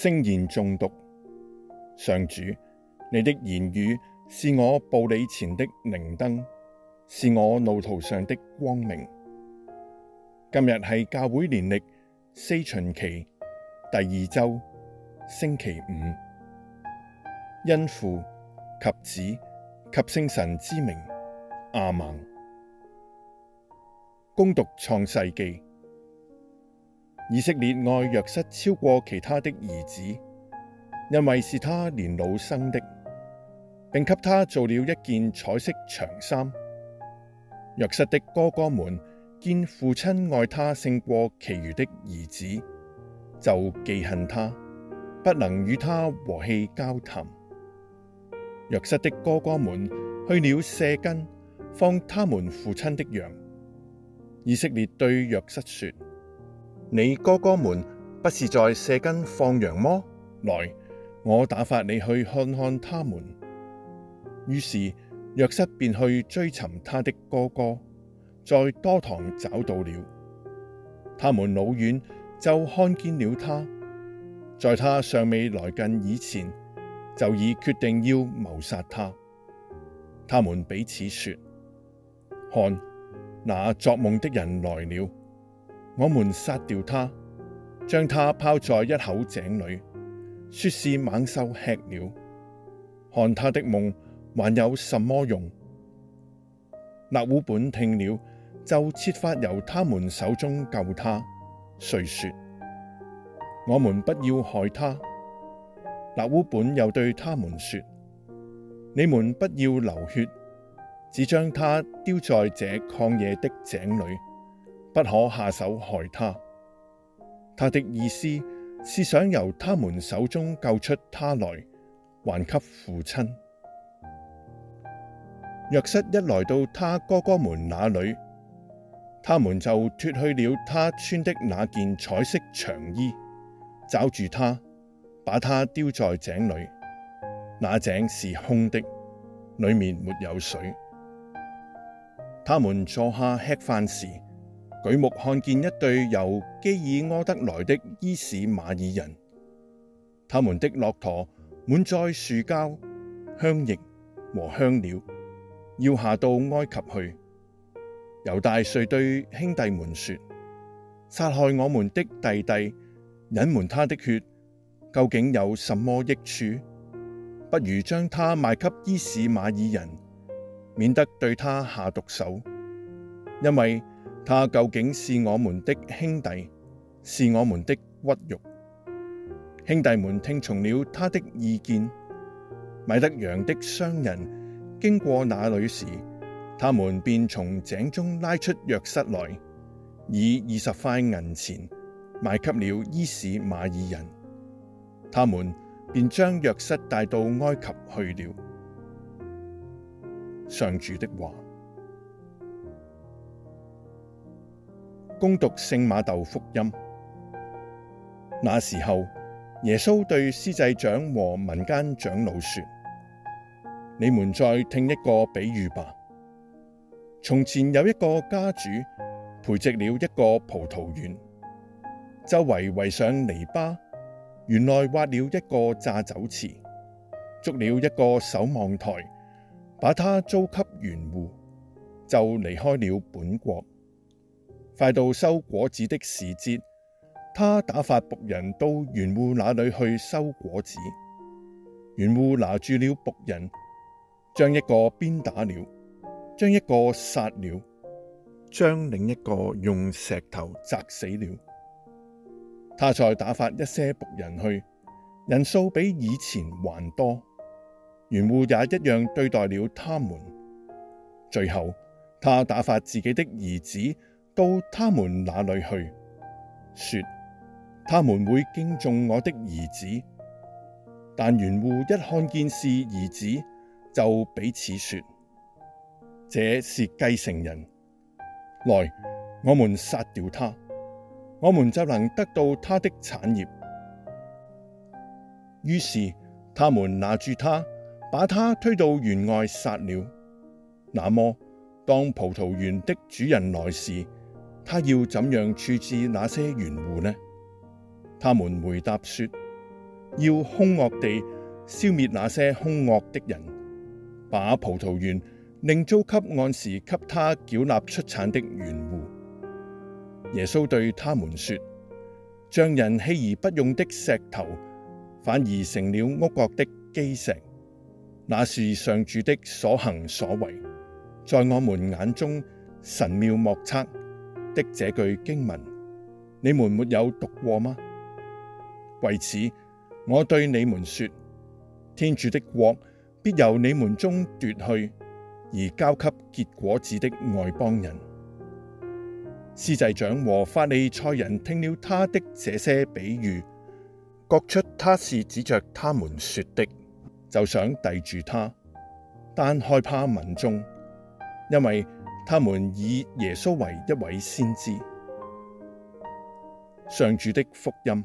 聖言誦讀，上主，你的言語是我步履前的明燈，是我路途上的光明。今日係教會年曆四旬期第二周星期五，因父及子及聖神之名，阿門。恭讀創世紀。以色列愛若瑟超過其他的兒子，因為是他年老生的，並給他做了一件彩色長衫。若瑟的哥哥們見父親愛他勝過其餘的兒子，就忌恨他，不能與他和氣交談。若瑟的哥哥們去了舍根，放他們父親的羊。以色列對若瑟說。你哥哥們不是在舍根放羊麼？來，我打發你去看看他們。於是若瑟便去追尋他的哥哥，在多堂找到了。他們老遠就看見了他，在他尚未來近以前，就已決定要謀殺他。他們彼此說：看，那作夢的人來了。我們殺掉他，將他拋在一口井裏，說是猛獸吃了。看他的夢還有什麼用？勒烏本聽了，就設法由他們手中救他。遂說：我們不要害他。勒烏本又對他們說：你們不要流血，只將他丟在這曠野的井裏。不可下手害他。他的意思是想由他們手中救出他來，還給父親。若瑟一來到他哥哥們那裡，他們就脫去了他穿的那件彩色長衣，抓住他，把他丟在井裡。那井是空的，裡面沒有水。他們坐下吃飯時。舉目看見一隊由基耳阿得來的依巿瑪耳人，他們的駱駝滿載樹膠、香液和香料，要下到埃及去。猶大遂對兄弟們說：殺害我們的弟弟，隱瞞他的血，究竟有什麼益處？不如將他賣給依巿瑪耳人，免得對他下毒手，因為。他究竟是我們的兄弟，是我們的骨肉。兄弟們聽從了他的意見，米德楊的商人經過那裏時，他們便從井中拉出若瑟來，以二十塊銀錢賣給了依巿瑪耳人。他們便將若瑟帶到埃及去了。上主的話。恭讀聖瑪竇福音。那時候，耶穌對司祭長和民間長老說：你們再聽一個比喻吧。從前有一個家主，培植了一個葡萄園，周圍圍上籬笆，園內挖了一個榨酒池，築了一個守望台，把它租給園戶，就離開了本國。快到收果子的時節，他打發僕人到園戶那裡去收果子。園戶拿住了僕人，將一個鞭打了，將一個殺了，將另一個用石頭砸死了。他再打發一些僕人去，人數比以前還多。園戶也一樣對待了他們。最後，他打發自己的兒子。到他們那裡去，說他們會敬重我的兒子。但園戶一看見是兒子，就彼此說：這是繼承人，來，我們殺掉他，我們就能得到他的產業。於是他們拿住他，把他推到園外殺了。那麼，當葡萄園的主人來時，他要怎樣處置那些園戶呢？他們回答說：要凶惡地消滅那些凶惡的人，把葡萄園另租給按時給他繳納出產的園戶。耶穌對他們說：匠人棄而不用的石頭，反而成了屋角的基石。那是上主的所行所為，在我們眼中神妙莫測。的這句經文，你們沒有讀過嗎？為此，我對你們說，天主的國必由你們中奪去，而交給結果子的外邦人。司祭長和法利賽人聽了他的這些比喻，覺出他是指着他們說的，就想逮住他，但害怕民眾，因為，他們以耶穌為一位先知。上主的福音。